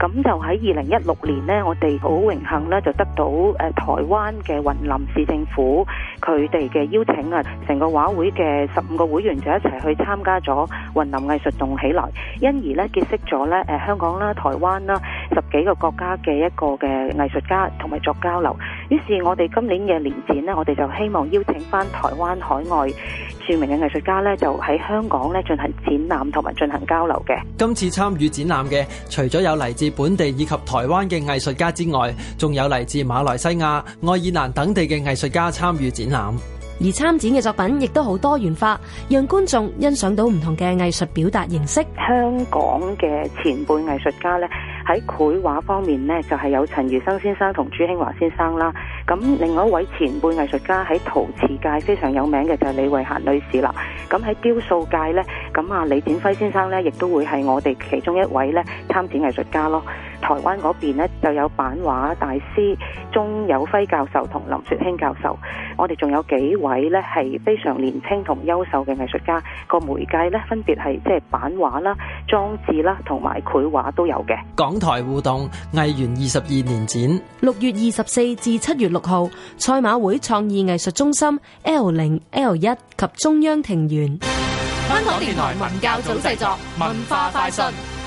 咁就喺二零一六年呢，我哋好榮幸咧，就得到誒、呃、台灣嘅雲林市政府佢哋嘅邀請啊，成個畫會嘅十五個會員就一齊去參加咗雲林藝術動起來，因而咧結識咗咧誒香港啦、台灣啦十幾個國家嘅一個嘅藝術家同埋作交流。於是我年年，我哋今年嘅年展咧，我哋就希望邀請翻、台灣海外著名嘅藝術家咧，就喺香港咧進行展覽同埋進行交流嘅。今次參與展覽嘅，除咗有嚟自本地以及台灣嘅藝術家之外，仲有嚟自馬來西亞、愛爾蘭等地嘅藝術家參與展覽。而參展嘅作品亦都好多元化，讓觀眾欣賞到唔同嘅藝術表達形式。香港嘅前輩藝術家咧，喺繪畫方面咧就係有陳如生先生同朱興華先生啦。咁另外一位前輩藝術家喺陶瓷界非常有名嘅就係李慧嫻女士啦。咁喺雕塑界咧，咁啊李展輝先生咧亦都會係我哋其中一位咧參展藝術家咯。台灣嗰邊呢，就有版畫大師鍾有輝教授同林雪卿教授，我哋仲有幾位呢，係非常年輕同優秀嘅藝術家。個媒介呢，分別係即係版畫啦、裝置啦同埋繪畫都有嘅。港台互動藝園二十二年展，六月二十四至七月六號，賽馬會創意藝術中心 L 零 L 一及中央庭園。香港電台文教組製作文化快訊。